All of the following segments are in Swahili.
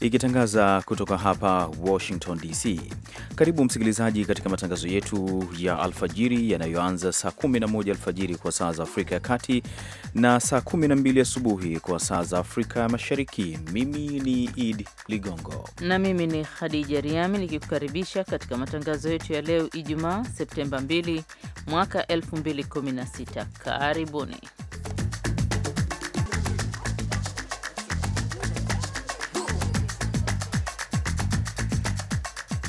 ikitangaza kutoka hapa Washington DC. Karibu msikilizaji, katika matangazo yetu ya alfajiri yanayoanza saa 11 alfajiri kwa saa za Afrika ya Kati na saa 12 asubuhi kwa saa za Afrika ya Mashariki. Mimi ni id Ligongo na mimi ni Khadija Riami nikikukaribisha katika matangazo yetu ya leo Ijumaa, Septemba 2 mwaka 2016. Karibuni.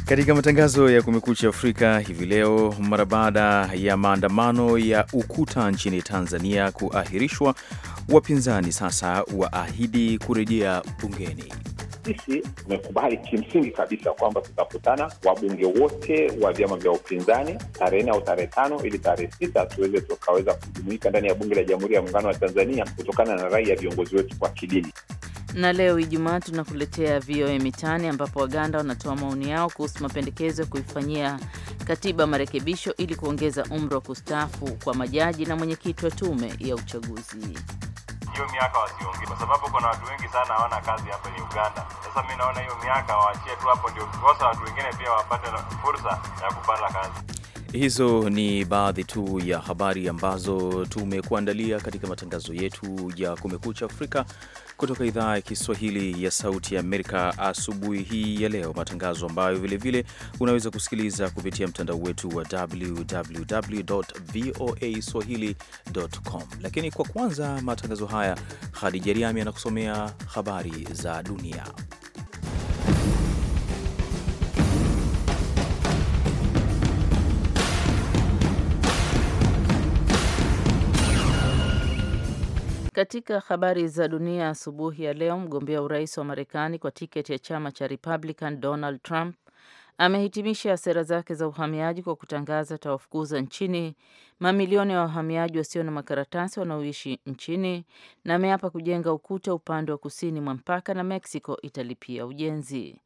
Katika matangazo ya Kumekucha Afrika hivi leo, mara baada ya maandamano ya Ukuta nchini Tanzania kuahirishwa, wapinzani sasa waahidi kurejea bungeni. Sisi tumekubali kimsingi kabisa kwamba tutakutana wabunge wote wa vyama vya upinzani tarehe nne au tarehe tano ili tarehe sita tuweze tukaweza kujumuika ndani ya bunge la Jamhuri ya Muungano wa Tanzania kutokana na rai ya viongozi wetu kwa kidini na leo Ijumaa tunakuletea VOA Mitaani, ambapo Waganda wanatoa maoni yao kuhusu mapendekezo ya kuifanyia katiba marekebisho ili kuongeza umri wa kustaafu kwa majaji na mwenyekiti wa tume ya uchaguzi. Hiyo miaka wasiongi, kwa sababu kuna watu wengi sana hawana kazi hapa ni Uganda. Sasa mi naona hiyo miaka waachie tu hapo, ndio kosa watu wengine pia wapate fursa ya kupata kazi. Hizo ni baadhi tu ya habari ambazo tumekuandalia katika matangazo yetu ya Kumekucha Afrika kutoka idhaa ya Kiswahili ya Sauti ya Amerika asubuhi hii ya leo, matangazo ambayo vilevile unaweza kusikiliza kupitia mtandao wetu wa www voa swahili.com. Lakini kwa kwanza matangazo haya, hadija Riami anakusomea habari za dunia. Katika habari za dunia asubuhi ya leo, mgombea urais wa Marekani kwa tiketi ya chama cha Republican Donald Trump amehitimisha sera zake za uhamiaji kwa kutangaza atawafukuza nchini mamilioni ya wahamiaji wasio na makaratasi wanaoishi nchini na ameapa kujenga ukuta upande wa kusini mwa mpaka na Mexico italipia ujenzi.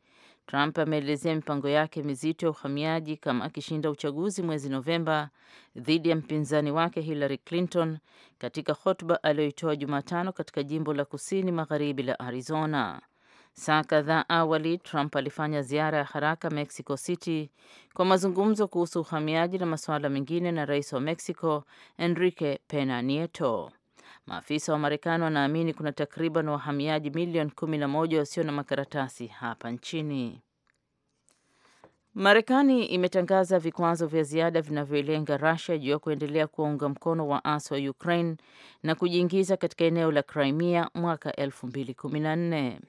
Trump ameelezea mipango yake mizito ya uhamiaji kama akishinda uchaguzi mwezi Novemba dhidi ya mpinzani wake Hillary Clinton katika hotuba aliyoitoa Jumatano katika jimbo la Kusini Magharibi la Arizona. Saa kadhaa awali Trump alifanya ziara ya haraka Mexico City kwa mazungumzo kuhusu uhamiaji na masuala mengine na rais wa Mexico Enrique Pena Nieto. Maafisa wa Marekani wanaamini kuna takriban wahamiaji milioni kumi na moja wasio na makaratasi hapa nchini. Marekani imetangaza vikwazo vya ziada vinavyoilenga rasia juu ya kuendelea kuwaunga mkono waasi wa Ukraine na kujiingiza katika eneo la Crimea mwaka nne.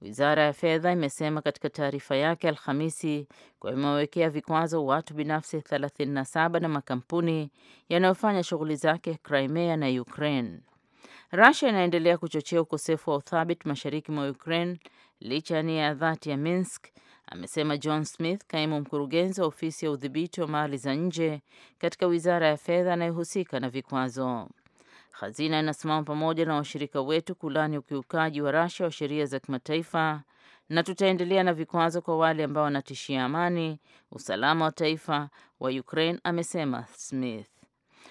Wizara ya fedha imesema katika taarifa yake Alhamisi kwa imewawekea vikwazo watu binafsi 37 na makampuni yanayofanya shughuli zake Crimea na Ukraine. Russia inaendelea kuchochea ukosefu wa uthabiti mashariki mwa Ukraine licha ya nia ya dhati ya Minsk, amesema John Smith, kaimu mkurugenzi wa ofisi ya udhibiti wa mali za nje katika wizara ya fedha anayehusika na vikwazo. Hazina inasimama pamoja na washirika wetu kulani ukiukaji wa rasha wa sheria za kimataifa na tutaendelea na vikwazo kwa wale ambao wanatishia amani, usalama wa taifa wa Ukraine, amesema Smith.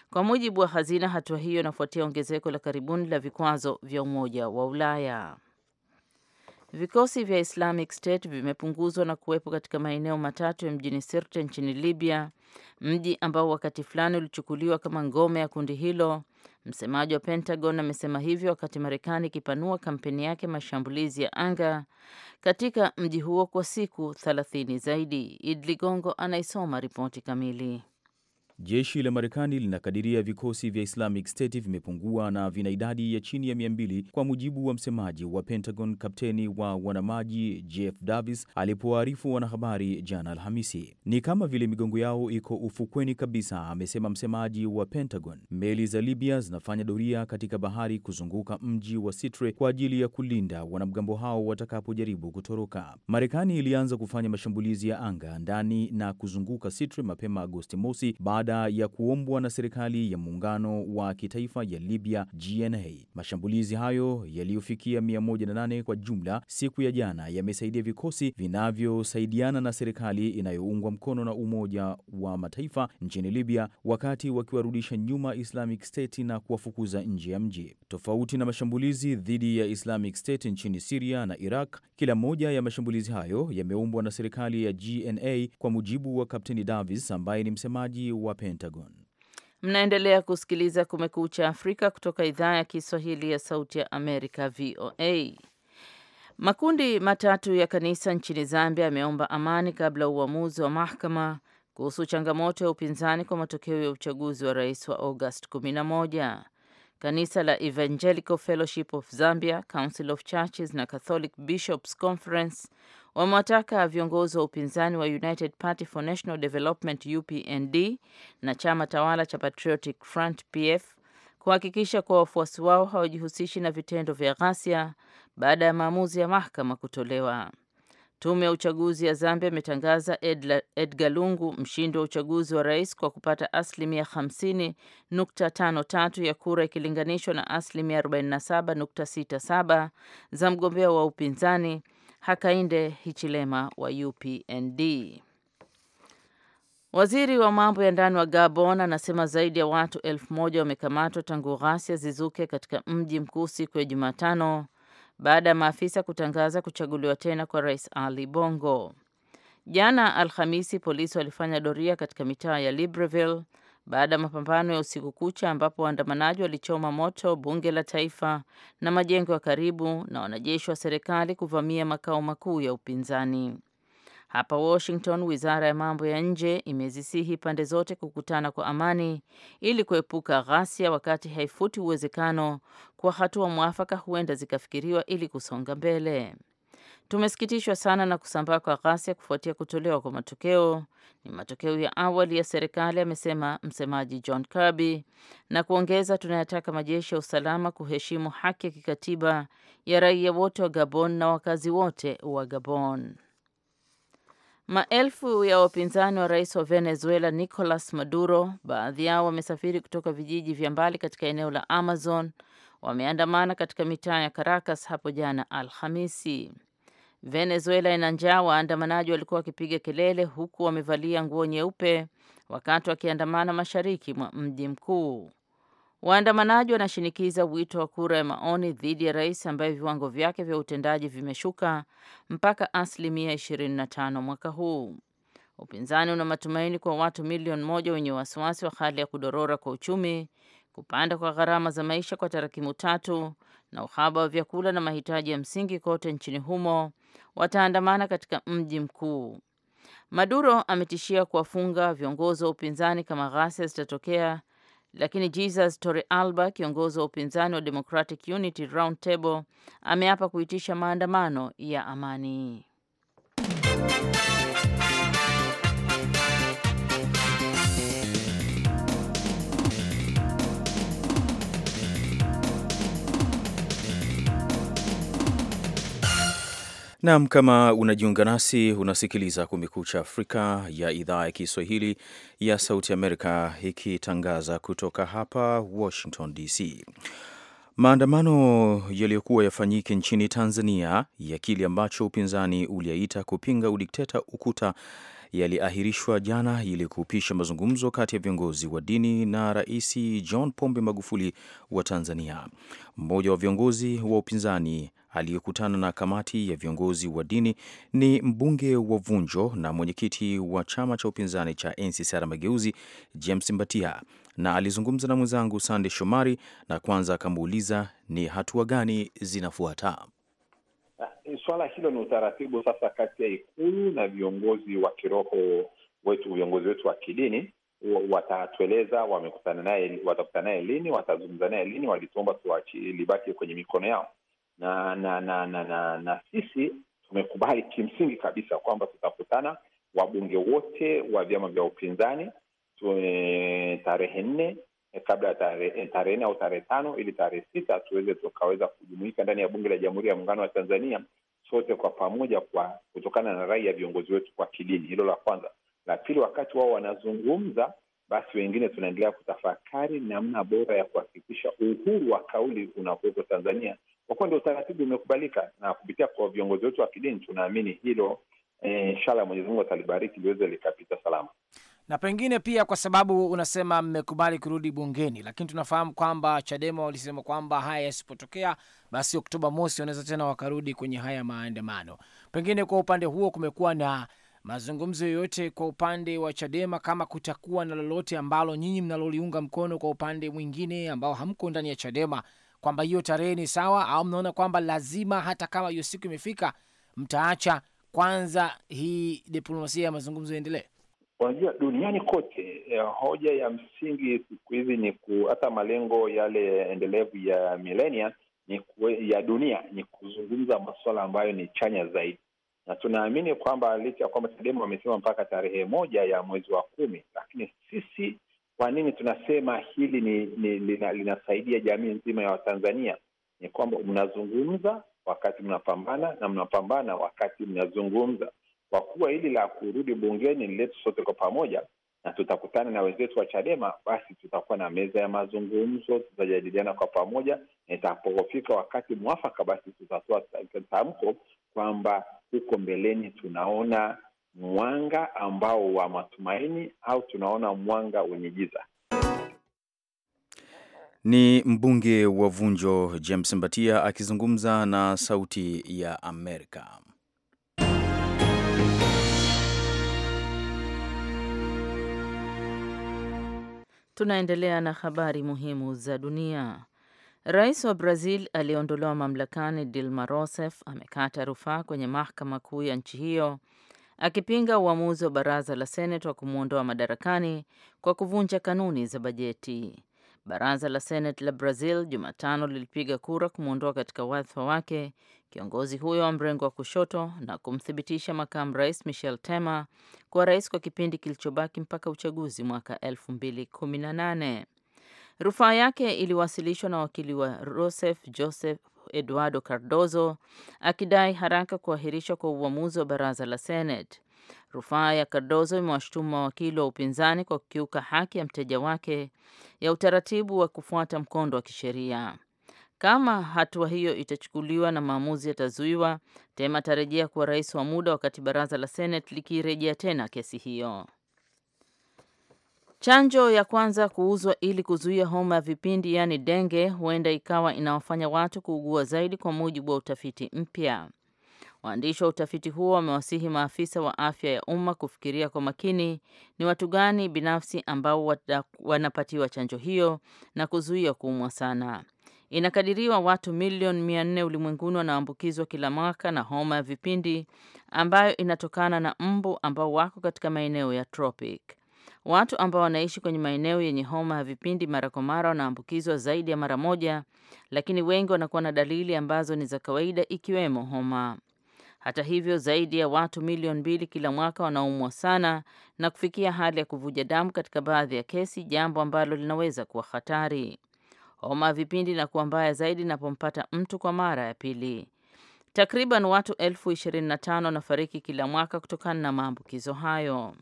Kwa mujibu wa Hazina, hatua hiyo inafuatia ongezeko la karibuni la vikwazo vya Umoja wa Ulaya. Vikosi vya Islamic State vimepunguzwa na kuwepo katika maeneo matatu ya mjini Sirte nchini Libya, mji ambao wakati fulani ulichukuliwa kama ngome ya kundi hilo Msemaji wa Pentagon amesema hivyo wakati Marekani ikipanua kampeni yake mashambulizi ya anga katika mji huo kwa siku 30 zaidi. Idi Ligongo anaisoma ripoti kamili. Jeshi la Marekani linakadiria vikosi vya Islamic State vimepungua na vina idadi ya chini ya mia mbili, kwa mujibu wa msemaji wa Pentagon Kapteni wa wanamaji Jeff Davis alipowaarifu wanahabari jana Alhamisi. Ni kama vile migongo yao iko ufukweni kabisa, amesema msemaji wa Pentagon. Meli za Libya zinafanya doria katika bahari kuzunguka mji wa Sitre kwa ajili ya kulinda wanamgambo hao watakapojaribu kutoroka. Marekani ilianza kufanya mashambulizi ya anga ndani na kuzunguka Sitre mapema Agosti mosi baada baada ya kuombwa na serikali ya muungano wa kitaifa ya Libya GNA. Mashambulizi hayo yaliyofikia 108 kwa jumla siku ya jana yamesaidia vikosi vinavyosaidiana na serikali inayoungwa mkono na Umoja wa Mataifa nchini Libya, wakati wakiwarudisha nyuma Islamic State na kuwafukuza nje ya mji. Tofauti na mashambulizi dhidi ya Islamic State nchini siria na Iraq, kila moja ya mashambulizi hayo yameumbwa na serikali ya GNA, kwa mujibu wa Kapteni Davis ambaye ni msemaji wa Pentagon. Mnaendelea kusikiliza Kumekucha Afrika kutoka idhaa ya Kiswahili ya Sauti ya Amerika, VOA. Makundi matatu ya kanisa nchini Zambia yameomba amani kabla ya uamuzi wa mahakama kuhusu changamoto ya upinzani kwa matokeo ya uchaguzi wa rais wa August 11. Kanisa la Evangelical Fellowship of Zambia, Council of Churches na Catholic Bishops Conference wamewataka viongozi wa upinzani wa United Party for National Development UPND na chama tawala cha Patriotic Front PF kuhakikisha kuwa wafuasi wao hawajihusishi na vitendo vya ghasia baada ya maamuzi ya mahakama kutolewa. Tume ya uchaguzi ya Zambia imetangaza Edgar Lungu mshindi wa uchaguzi wa rais kwa kupata asilimia 50.53 ya kura ikilinganishwa na asilimia 47.67 za mgombea wa upinzani Hakainde Hichilema wa UPND. Waziri wa mambo ya ndani wa Gabon anasema zaidi ya watu elfu moja wamekamatwa tangu ghasia zizuke katika mji mkuu siku ya Jumatano baada ya maafisa kutangaza kuchaguliwa tena kwa Rais Ali Bongo. Jana Alhamisi, polisi walifanya doria katika mitaa ya Libreville baada ya mapambano ya usiku kucha ambapo waandamanaji walichoma moto bunge la taifa na majengo ya karibu na wanajeshi wa serikali kuvamia makao makuu ya upinzani. Hapa Washington, wizara ya mambo ya nje imezisihi pande zote kukutana kwa amani ili kuepuka ghasia, wakati haifuti uwezekano kwa hatua mwafaka huenda zikafikiriwa ili kusonga mbele. Tumesikitishwa sana na kusambaa kwa ghasia kufuatia kutolewa kwa matokeo. Ni matokeo ya awali ya serikali, amesema msemaji John Kirby, na kuongeza, tunayataka majeshi ya usalama kuheshimu haki ya kikatiba ya raia wote wa Gabon na wakazi wote wa Gabon. Maelfu ya wapinzani wa rais wa Venezuela Nicolas Maduro, baadhi yao wamesafiri kutoka vijiji vya mbali katika eneo la Amazon, wameandamana katika mitaa ya Caracas hapo jana Alhamisi. Venezuela ina njaa. Waandamanaji walikuwa wakipiga kelele huku wamevalia nguo nyeupe wakati wakiandamana mashariki mwa mji mkuu. Waandamanaji wanashinikiza wito wa kura ya maoni dhidi ya rais ambaye viwango vyake vya utendaji vimeshuka mpaka asilimia 25 mwaka huu. Upinzani una matumaini kwa watu milioni moja wenye wasiwasi wa hali ya kudorora kwa uchumi, kupanda kwa gharama za maisha kwa tarakimu tatu na uhaba wa vyakula na mahitaji ya msingi kote nchini humo wataandamana katika mji mkuu. Maduro ametishia kuwafunga viongozi wa upinzani kama ghasia zitatokea, lakini Jesus alba kiongozi wa upinzani wa Democratic Unity Roundtable, ameapa kuitisha maandamano ya amani. Naam, kama unajiunga nasi, unasikiliza Kumekucha Afrika ya idhaa ya Kiswahili ya Sauti Amerika ikitangaza kutoka hapa Washington DC. Maandamano yaliyokuwa yafanyike nchini Tanzania ya kile ambacho upinzani uliaita kupinga udikteta UKUTA yaliahirishwa jana ili kuupisha mazungumzo kati ya viongozi wa dini na Rais John Pombe Magufuli wa Tanzania. Mmoja wa viongozi wa upinzani aliyekutana na kamati ya viongozi wa dini ni mbunge wa Vunjo na mwenyekiti wa chama cha upinzani cha NCCR Mageuzi, James Mbatia, na alizungumza na mwenzangu Sande Shomari, na kwanza akamuuliza ni hatua gani zinafuata. Ah, eh, swala hilo ni utaratibu sasa kati ya Ikulu na viongozi wa kiroho wetu, viongozi wetu wa kidini watatueleza wamekutana naye, watakutana naye lini, watazungumza naye lini. Walituomba libaki kwenye mikono yao na na na na, na, na sisi tumekubali kimsingi kabisa kwamba tutakutana wabunge wote wa vyama vya upinzani e, tarehe nne e, kabla ya e, tarehe nne au tarehe tano ili tarehe sita tuweze tukaweza kujumuika ndani ya bunge la Jamhuri ya Muungano wa Tanzania sote kwa pamoja, kwa kutokana na rai ya viongozi wetu kwa kidini. Hilo la kwanza. La pili, wakati wao wanazungumza, basi wengine tunaendelea kutafakari namna bora ya kuhakikisha uhuru wa kauli unakuwepo Tanzania kwa kuwa ndio utaratibu umekubalika, na kupitia kwa viongozi wetu wa kidini tunaamini hilo, eh, inshallah e, Mwenyezi Mungu atalibariki liweze likapita salama na pengine pia kwa sababu unasema mmekubali kurudi bungeni, lakini tunafahamu kwamba Chadema walisema kwamba haya yasipotokea, basi Oktoba mosi wanaweza tena wakarudi kwenye haya maandamano. Pengine kwa upande huo kumekuwa na mazungumzo yoyote kwa upande wa Chadema, kama kutakuwa na lolote ambalo nyinyi mnaloliunga mkono kwa upande mwingine ambao hamko ndani ya Chadema kwamba hiyo tarehe ni sawa, au mnaona kwamba lazima hata kama hiyo siku imefika mtaacha kwanza hii diplomasia ya mazungumzo iendelee? Unajua, duniani kote eh, hoja ya msingi siku hizi ni ku, hata malengo yale endelevu ya milenia ni ku, ya dunia ni kuzungumza masuala ambayo ni chanya zaidi, na tunaamini kwamba licha ya kwamba Chadema wamesema mpaka tarehe moja ya mwezi wa kumi, lakini sisi kwa nini tunasema hili ni, ni, lina, linasaidia jamii nzima ya Watanzania? Ni kwamba mnazungumza wakati mnapambana na mnapambana wakati mnazungumza. Kwa kuwa hili la kurudi bungeni ni letu sote kwa pamoja, na tutakutana na wenzetu wa Chadema, basi tutakuwa na meza ya mazungumzo, tutajadiliana kwa pamoja, na itapofika wakati mwafaka, basi tutatoa tamko kwamba huko mbeleni tunaona mwanga ambao wa matumaini au tunaona mwanga wenye giza? Ni mbunge wa Vunjo James Mbatia akizungumza na Sauti ya Amerika. Tunaendelea na habari muhimu za dunia. Rais wa Brazil aliyeondolewa mamlakani Dilma Rousseff amekata rufaa kwenye mahakama kuu ya nchi hiyo akipinga uamuzi wa baraza la Senate wa kumwondoa madarakani kwa kuvunja kanuni za bajeti. Baraza la Senate la Brazil Jumatano lilipiga kura kumwondoa katika wadhifa wake kiongozi huyo wa mrengo wa kushoto na kumthibitisha makamu rais Michel Temer kuwa rais kwa kipindi kilichobaki mpaka uchaguzi mwaka 2018. Rufaa yake iliwasilishwa na wakili wa Rossef Joseph Eduardo Cardozo akidai haraka kuahirishwa kwa uamuzi wa baraza la Senate. Rufaa ya Cardozo imewashutumu mawakili wa upinzani kwa kukiuka haki ya mteja wake ya utaratibu wa kufuata mkondo wa kisheria. Kama hatua hiyo itachukuliwa na maamuzi yatazuiwa, Tema atarejea kuwa rais wa muda wakati baraza la Senate likirejea tena kesi hiyo. Chanjo ya kwanza kuuzwa ili kuzuia homa ya vipindi yaani denge huenda ikawa inawafanya watu kuugua zaidi kwa mujibu wa utafiti mpya. Waandishi wa utafiti huo wamewasihi maafisa wa afya ya umma kufikiria kwa makini ni watu gani binafsi ambao wanapatiwa chanjo hiyo na kuzuia kuumwa sana. Inakadiriwa watu milioni mia nne ulimwenguni wanaambukizwa kila mwaka na homa ya vipindi ambayo inatokana na mbu ambao wako katika maeneo ya tropic. Watu ambao wanaishi kwenye maeneo yenye homa ya vipindi mara kwa mara wanaambukizwa zaidi ya mara moja, lakini wengi wanakuwa na dalili ambazo ni za kawaida ikiwemo homa. Hata hivyo, zaidi ya watu milioni mbili kila mwaka wanaumwa sana na kufikia hali ya kuvuja damu katika baadhi ya kesi, jambo ambalo linaweza kuwa hatari. Homa ya vipindi inakuwa mbaya zaidi inapompata mtu kwa mara ya pili. Takriban watu elfu 25 wanafariki kila mwaka kutokana na maambukizo hayo.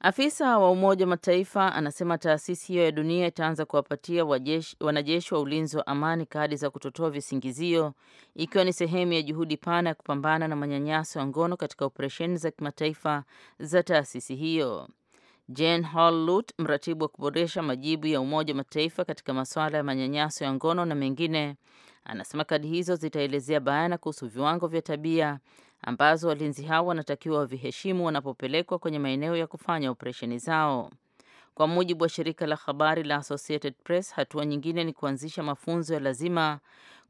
Afisa wa Umoja wa Mataifa anasema taasisi hiyo ya dunia itaanza kuwapatia wanajeshi wa ulinzi wa amani kadi za kutotoa visingizio ikiwa ni sehemu ya juhudi pana ya kupambana na manyanyaso ya ngono katika operesheni za kimataifa za taasisi hiyo. jan Hall mratibu wa kuboresha majibu ya Umoja wa Mataifa katika masuala ya manyanyaso ya ngono na mengine, anasema kadi hizo zitaelezea bayana kuhusu viwango vya tabia ambazo walinzi hao wanatakiwa waviheshimu wanapopelekwa kwenye maeneo ya kufanya operesheni zao. Kwa mujibu wa shirika la habari la Associated Press, hatua nyingine ni kuanzisha mafunzo ya lazima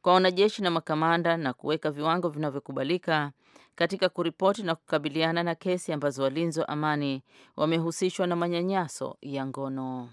kwa wanajeshi na makamanda na kuweka viwango vinavyokubalika katika kuripoti na kukabiliana na kesi ambazo walinzi wa amani wamehusishwa na manyanyaso ya ngono.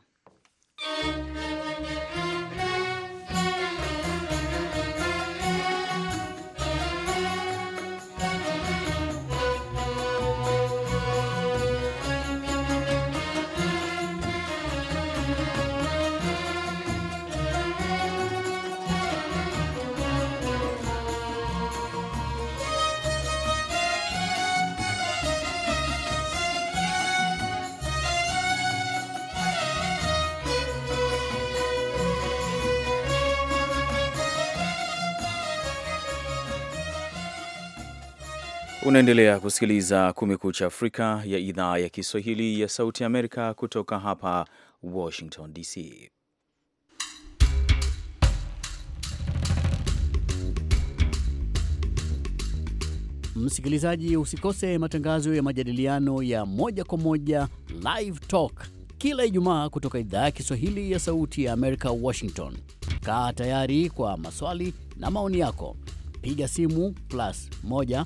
Unaendelea kusikiliza Kumekucha Afrika ya idhaa ya Kiswahili ya Sauti ya Amerika kutoka hapa Washington DC. Msikilizaji, usikose matangazo ya majadiliano ya moja kwa moja, Live Talk, kila Ijumaa kutoka idhaa ya Kiswahili ya Sauti ya Amerika, Washington. Kaa tayari kwa maswali na maoni yako, piga simu plus 1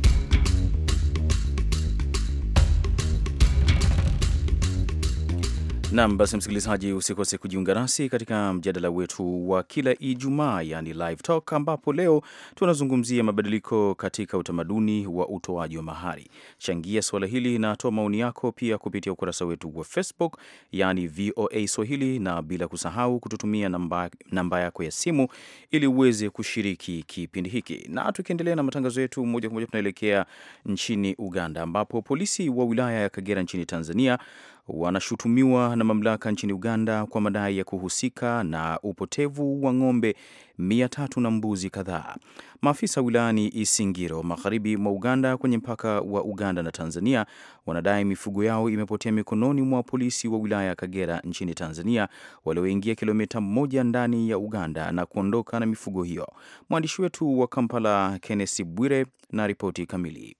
Nam basi, msikilizaji, usikose kujiunga nasi katika mjadala wetu wa kila Ijumaa, yani live talk, ambapo leo tunazungumzia mabadiliko katika utamaduni wa utoaji wa mahari. Changia suala hili na toa maoni yako pia kupitia ukurasa wetu wa Facebook, yani VOA Swahili, na bila kusahau kututumia namba, namba yako ya simu ili uweze kushiriki kipindi hiki. Na tukiendelea na matangazo yetu moja kwa moja, tunaelekea nchini Uganda ambapo polisi wa wilaya ya Kagera nchini Tanzania wanashutumiwa na mamlaka nchini Uganda kwa madai ya kuhusika na upotevu wa ng'ombe mia tatu na mbuzi kadhaa. Maafisa wilayani Isingiro, magharibi mwa Uganda, kwenye mpaka wa Uganda na Tanzania, wanadai mifugo yao imepotea mikononi mwa polisi wa wilaya ya Kagera nchini Tanzania, walioingia kilomita moja ndani ya Uganda na kuondoka na mifugo hiyo. Mwandishi wetu wa Kampala, Kennesi Bwire, na ripoti kamili.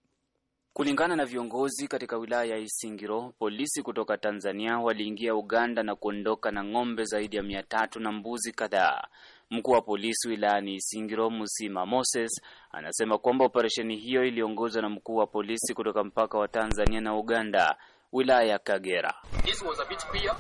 Kulingana na viongozi katika wilaya ya Isingiro, polisi kutoka Tanzania waliingia Uganda na kuondoka na ng'ombe zaidi ya mia tatu na mbuzi kadhaa. Mkuu wa polisi wilayani Isingiro, Musima Moses, anasema kwamba operesheni hiyo iliongozwa na mkuu wa polisi kutoka mpaka wa Tanzania na Uganda, wilaya ya Kagera. This was a bit clear.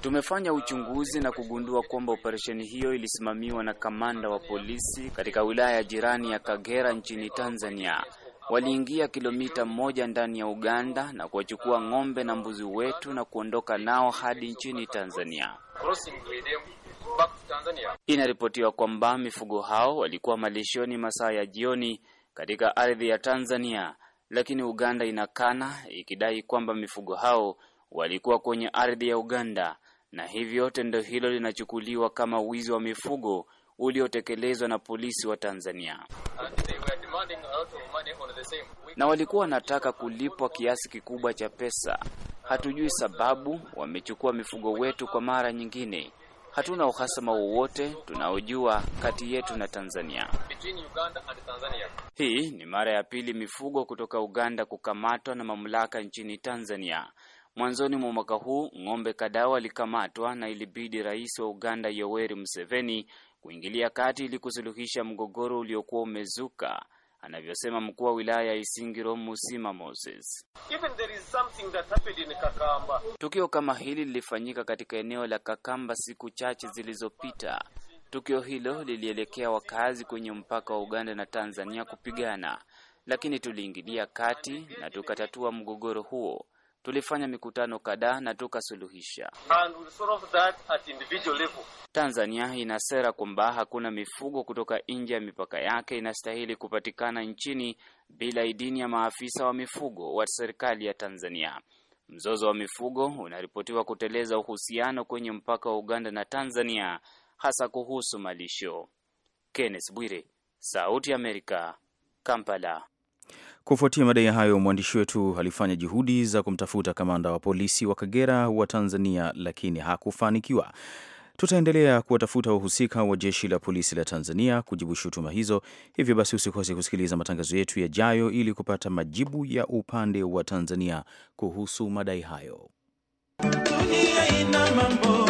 Tumefanya uchunguzi na kugundua kwamba operesheni hiyo ilisimamiwa na kamanda wa polisi katika wilaya ya jirani ya Kagera nchini Tanzania. Waliingia kilomita moja ndani ya Uganda na kuwachukua ng'ombe na mbuzi wetu na kuondoka nao hadi nchini Tanzania. Inaripotiwa kwamba mifugo hao walikuwa malishoni masaa ya jioni katika ardhi ya Tanzania, lakini Uganda inakana ikidai kwamba mifugo hao walikuwa kwenye ardhi ya Uganda, na hivyo tendo hilo linachukuliwa kama wizi wa mifugo uliotekelezwa na polisi wa Tanzania. Na walikuwa wanataka kulipwa kiasi kikubwa cha pesa. Hatujui sababu wamechukua mifugo wetu kwa mara nyingine. Hatuna uhasama wowote tunaojua kati yetu na Tanzania. Hii ni mara ya pili mifugo kutoka Uganda kukamatwa na mamlaka nchini Tanzania. Mwanzoni mwa mwaka huu ng'ombe kadhaa walikamatwa na ilibidi rais wa Uganda Yoweri Museveni kuingilia kati ili kusuluhisha mgogoro uliokuwa umezuka, anavyosema mkuu wa wilaya ya Isingiro Musima Moses. Tukio kama hili lilifanyika katika eneo la Kakamba siku chache zilizopita. Tukio hilo lilielekea wakazi kwenye mpaka wa Uganda na Tanzania kupigana, lakini tuliingilia kati na tukatatua mgogoro huo. Tulifanya mikutano kadhaa na tukasuluhisha. Tanzania ina sera kwamba hakuna mifugo kutoka nje ya mipaka yake inastahili kupatikana nchini bila idhini ya maafisa wa mifugo wa serikali ya Tanzania. Mzozo wa mifugo unaripotiwa kuteleza uhusiano kwenye mpaka wa Uganda na Tanzania, hasa kuhusu malisho. Kenneth Bwire, Sauti ya Amerika, Kampala. Kufuatia madai hayo, mwandishi wetu alifanya juhudi za kumtafuta kamanda wa polisi wa Kagera wa Tanzania, lakini hakufanikiwa. Tutaendelea kuwatafuta wahusika wa jeshi la polisi la Tanzania kujibu shutuma hizo. Hivyo basi, usikose kusikiliza matangazo yetu yajayo ili kupata majibu ya upande wa Tanzania kuhusu madai hayo. Dunia ina mambo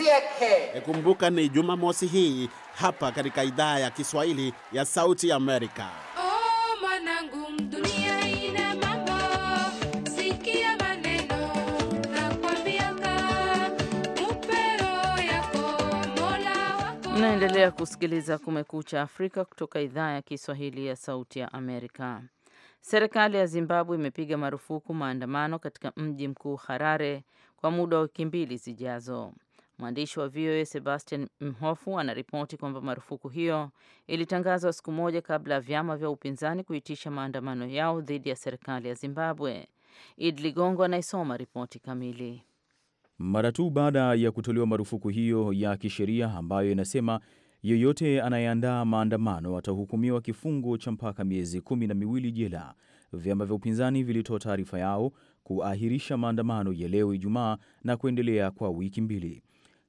Sieke. Kumbuka ni Jumamosi hii hapa katika idhaa ya Kiswahili ya Sauti ya Amerika. Naendelea kusikiliza Kumekucha Afrika kutoka idhaa ya Kiswahili ya Sauti ya Amerika. Serikali ya Zimbabwe imepiga marufuku maandamano katika mji mkuu Harare kwa muda wa wiki mbili zijazo. Mwandishi wa VOA Sebastian Mhofu anaripoti kwamba marufuku hiyo ilitangazwa siku moja kabla ya vyama vya upinzani kuitisha maandamano yao dhidi ya serikali ya Zimbabwe. id Ligongo anaisoma ripoti kamili. Mara tu baada ya kutolewa marufuku hiyo ya kisheria ambayo inasema yeyote anayeandaa maandamano atahukumiwa kifungo cha mpaka miezi kumi na miwili jela, vyama vya upinzani vilitoa taarifa yao kuahirisha maandamano ya leo Ijumaa na kuendelea kwa wiki mbili.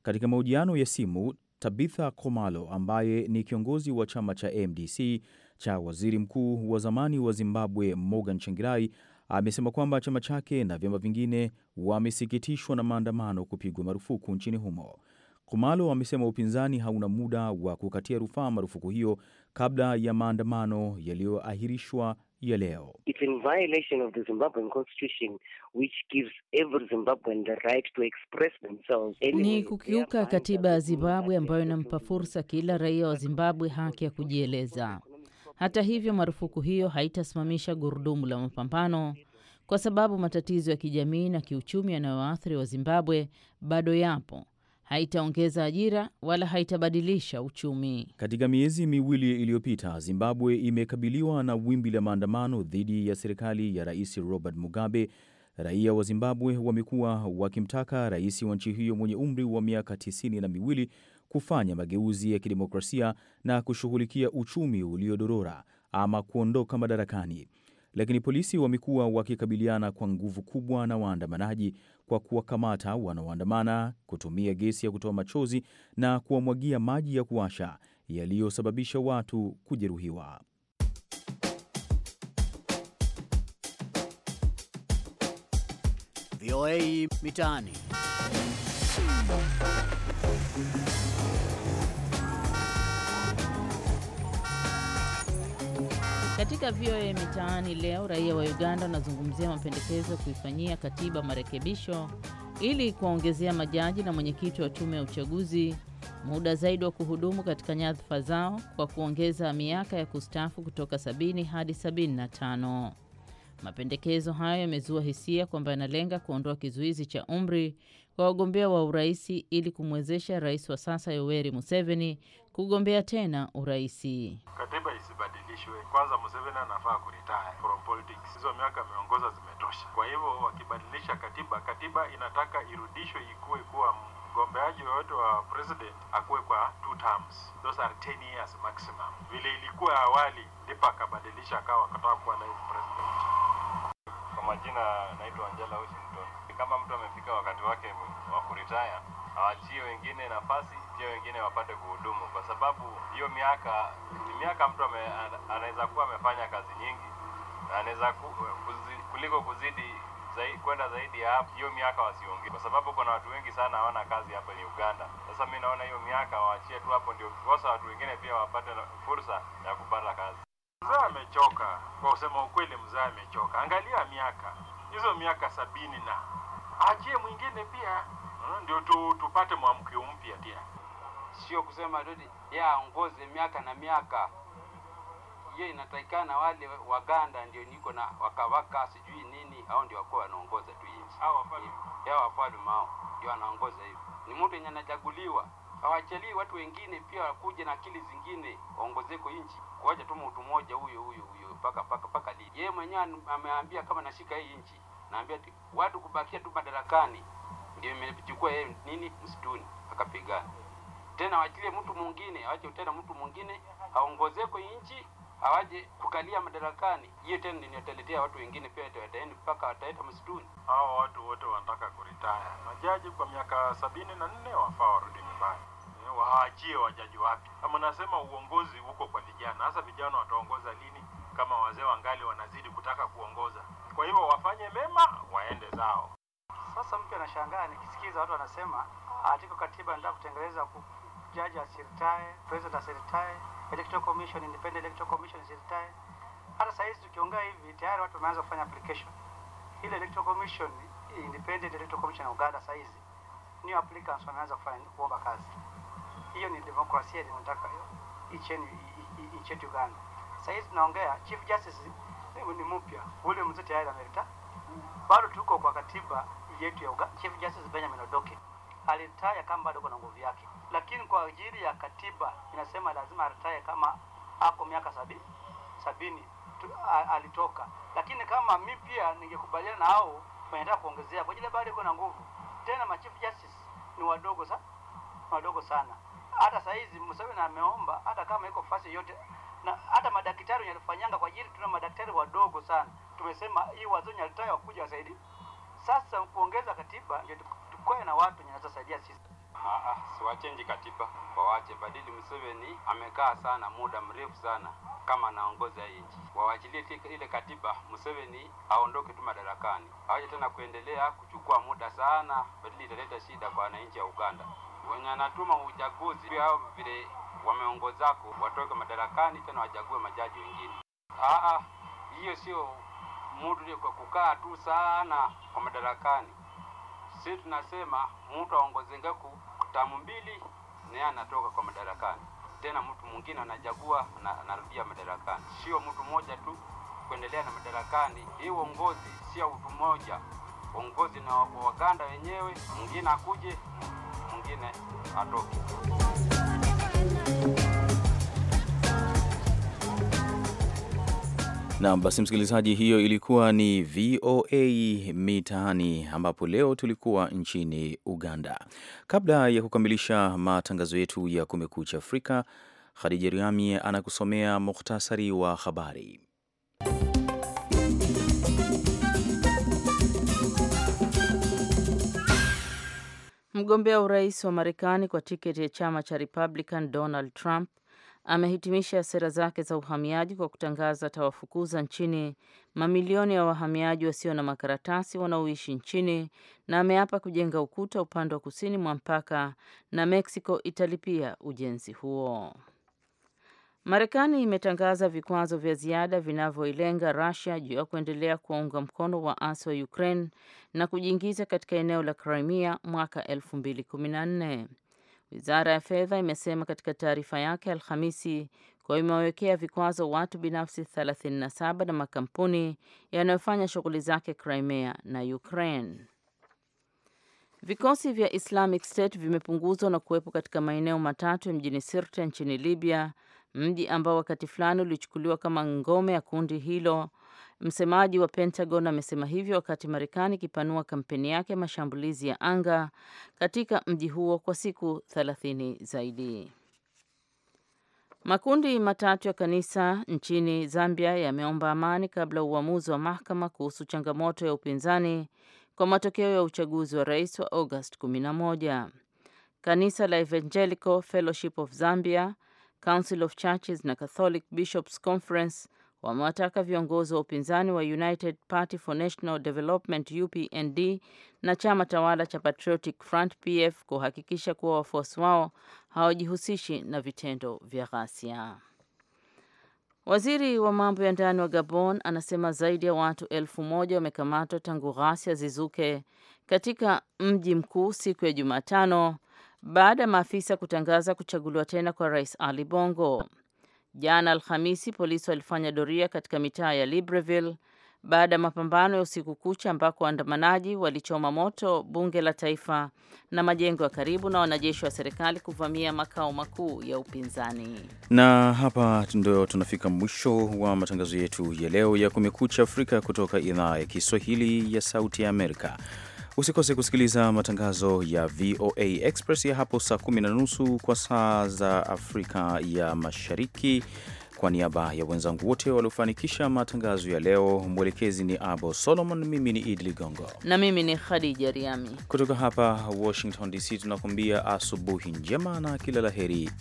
Katika mahojiano ya simu, Tabitha Komalo ambaye ni kiongozi wa chama cha MDC cha waziri mkuu wa zamani wa Zimbabwe Morgan chengirai amesema kwamba chama chake na vyama vingine wamesikitishwa na maandamano kupigwa marufuku nchini humo. Kumalo amesema upinzani hauna muda wa kukatia rufaa marufuku hiyo kabla ya maandamano yaliyoahirishwa ya leo. It's in violation of the Zimbabwean constitution which gives every Zimbabwean the right to express themselves. ni kukiuka katiba ya Zimbabwe ambayo inampa fursa kila raia wa Zimbabwe haki ya kujieleza. Hata hivyo, marufuku hiyo haitasimamisha gurudumu la mapambano kwa sababu matatizo ya kijamii na kiuchumi yanayoathiri wa Zimbabwe bado yapo haitaongeza ajira wala haitabadilisha uchumi. Katika miezi miwili iliyopita, Zimbabwe imekabiliwa na wimbi la maandamano dhidi ya serikali ya Rais Robert Mugabe. Raia wa Zimbabwe wamekuwa wakimtaka rais wa nchi hiyo mwenye umri wa miaka tisini na miwili kufanya mageuzi ya kidemokrasia na kushughulikia uchumi uliodorora ama kuondoka madarakani lakini polisi wamekuwa wakikabiliana kwa nguvu kubwa na waandamanaji kwa kuwakamata wanaoandamana, kutumia gesi ya kutoa machozi na kuwamwagia maji ya kuwasha yaliyosababisha watu kujeruhiwa. VOA Mitaani. Katika VOA Mitaani leo, raia wa Uganda wanazungumzia mapendekezo ya kuifanyia katiba marekebisho ili kuwaongezea majaji na mwenyekiti wa tume ya uchaguzi muda zaidi wa kuhudumu katika nyadhifa zao kwa kuongeza miaka ya kustaafu kutoka sabini hadi 75 Mapendekezo hayo yamezua hisia kwamba yanalenga kuondoa kizuizi cha umri kwa wagombea wa uraisi ili kumwezesha rais wa sasa Yoweri Museveni kugombea tena uraisi. Katiba kwanza Museveni anafaa kuretire from politics. Hizo miaka ameongoza zimetosha. Kwa hivyo wakibadilisha katiba, katiba inataka irudishwe ikuwe kuwa mgombeaji yoyote wa president akuwe kwa two terms. Those are 10 years maximum. Vile ilikuwa awali ndipo akabadilisha akawa akataka kuwa naibu president. Kwa majina naitwa Angela Ocean kama mtu amefika wakati wake wa kuritaya awachie wengine nafasi pia wengine wapate kuhudumu, kwa sababu hiyo miaka ni miaka mtu anaweza kuwa amefanya kazi nyingi na anaweza ku, kuzi, kuliko kuzidi zai, kwenda zaidi ya hapo, hiyo miaka wasiongee, kwa sababu kuna watu wengi sana hawana kazi hapa ni Uganda. Sasa mi naona hiyo miaka waachie tu hapo, ndio kosa watu wengine pia wapate fursa ya kupata kazi. Mzaa amechoka kwa kusema ukweli, mzaa amechoka. Angalia miaka hizo, miaka sabini na ajie mwingine pia hmm, ndio tu, tupate mwamkio mpya pia, sio kusema Dodi ya aongoze miaka na miaka. Hiyo inatakikana wale Waganda ndio niko na wakawaka sijui nini, hao ndio wako wanaongoza tu hivi, hao wafalme ya wafalme hao ndio wanaongoza hivi. Ni mtu yenye anachaguliwa, hawachalii watu wengine pia wakuje na akili zingine waongoze kwa nchi, kuacha tu mtu mmoja huyo huyo huyo paka paka paka lini? Yeye mwenyewe ameambia kama nashika hii nchi naambia ati watu kubakia tu madarakani ndio imechukua yeye nini msituni akapigana tena, wachilie mtu mwingine, awache tena mtu mwingine kwa nchi awaje kukalia madarakani. Hiyo tena inataletea watu wengine pia itawataeni mpaka wataeta msituni. Hao watu wote wanataka kuritaya. Majaji kwa miaka sabini na nne wafaa warudi nyumbani, eh, waachie wajaji wapi? kama nasema uongozi uko kwa vijana, hasa vijana wataongoza lini kama wazee wangali wanazidi kutaka kuongoza? Kwa hivyo wafanye mema, waende zao. Sasa mtu anashangaa nikisikiza watu wanasema atiko katiba ndio kutengeneza judge asiritae, president asiritae, electoral commission, independent electoral commission asiritae. Hata saa hizi tukiongea hivi tayari watu wameanza kufanya application ile electoral commission, independent electoral commission ya Uganda saa hizi new applicants wanaanza kufanya kuomba kazi. Hiyo ni demokrasia, ndio nataka hiyo icheni ichetu Uganda. Saa hizi tunaongea chief justice katibu ni mpya, ule mzee tayari ameleta. Bado tuko kwa katiba yetu ya uga. Chief Justice Benjamin Odoke alitaya kama bado kuna nguvu yake, lakini kwa ajili ya katiba inasema lazima alitaje kama ako miaka sabini, sabini tu, a, alitoka. Lakini kama mi pia ningekubaliana na hao wanataka kuongezea kwa ajili bado iko na nguvu tena. Ma chief justice ni wadogo sana, wadogo sana. Hata saa hizi Museveni ameomba hata kama iko fasi yote na hata madaktari wenye kwa ajili, tuna madaktari wadogo sana. Tumesema hii wazo alitaka kuja zaidi. Sasa kuongeza katiba ndio tukoe na watu wenye saidia sisi. Ah, ah, siwachenji katiba, wawache badili. Museveni amekaa sana muda mrefu sana kama anaongoza hii nchi, wawachilie ile katiba. Museveni aondoke tu madarakani, awaje tena kuendelea kuchukua muda sana, badili italeta shida kwa wananchi wa Uganda wenye anatuma uchaguzi hao vile wameongozako watoke madarakani tena wajague majaji wengine. Ah, hiyo sio mtu kwa kukaa tu sana kwa madarakani. Sisi tunasema mtu aongozengeku tamu mbili naye anatoka kwa madarakani, tena mtu mwingine anajagua na anarudia madarakani, sio mtu mmoja tu kuendelea na madarakani. Hii uongozi sio mtu mmoja, uongozi na Waganda wenyewe, mwingine akuje, mwingine atoke. Nam basi, msikilizaji, hiyo ilikuwa ni VOA Mitaani, ambapo leo tulikuwa nchini Uganda. Kabla ya kukamilisha matangazo yetu ya Kumekucha Afrika, Khadija Riami anakusomea mukhtasari wa habari. Mgombea urais wa Marekani kwa tiketi ya chama cha Republican Donald Trump amehitimisha sera zake za uhamiaji kwa kutangaza atawafukuza nchini mamilioni ya wahamiaji wasio na makaratasi wanaoishi nchini na ameapa kujenga ukuta upande wa kusini mwa mpaka na Mexico italipia ujenzi huo. Marekani imetangaza vikwazo vya ziada vinavyoilenga Russia juu ya kuendelea kuwaunga mkono waasi wa Ukraine na kujiingiza katika eneo la Crimea mwaka 2014. Wizara ya fedha imesema katika taarifa yake Alhamisi kuwa imewawekea vikwazo watu binafsi 37 na makampuni yanayofanya shughuli zake Crimea na Ukraine. Vikosi vya Islamic State vimepunguzwa na kuwepo katika maeneo matatu ya mjini Sirte nchini Libya mji ambao wakati fulani ulichukuliwa kama ngome ya kundi hilo. Msemaji wa Pentagon amesema hivyo wakati Marekani ikipanua kampeni yake ya mashambulizi ya anga katika mji huo kwa siku 30 zaidi. Makundi matatu ya kanisa nchini Zambia yameomba amani kabla uamuzi wa mahakama kuhusu changamoto ya upinzani kwa matokeo ya uchaguzi wa rais wa Agosti 11. Kanisa la Evangelical Fellowship of Zambia Council of Churches na Catholic Bishops Conference wamewataka viongozi wa upinzani wa United Party for National Development UPND na chama tawala cha Patriotic Front PF kuhakikisha kuwa wafuasi wao hawajihusishi na vitendo vya ghasia. Waziri wa mambo ya ndani wa Gabon anasema zaidi ya watu elfu moja wamekamatwa tangu ghasia zizuke katika mji mkuu siku ya Jumatano baada ya maafisa kutangaza kuchaguliwa tena kwa Rais Ali Bongo. Jana Alhamisi, polisi walifanya doria katika mitaa ya Libreville baada ya mapambano ya usiku kucha ambako waandamanaji walichoma moto bunge la taifa na majengo ya karibu na wanajeshi wa serikali kuvamia makao makuu ya upinzani. Na hapa ndio tunafika mwisho wa matangazo yetu ya leo ya Kumekucha Afrika kutoka idhaa ya Kiswahili ya Sauti ya Amerika. Usikose kusikiliza matangazo ya VOA Express ya hapo saa kumi na nusu kwa saa za Afrika ya Mashariki. Kwa niaba ya wenzangu wote waliofanikisha matangazo ya leo, mwelekezi ni Abo Solomon, mimi ni Idi Ligongo na mimi ni Khadija Riami kutoka hapa Washington DC, tunakuambia asubuhi njema na kila laheri.